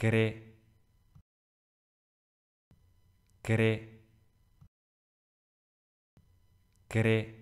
cree, cree, cree.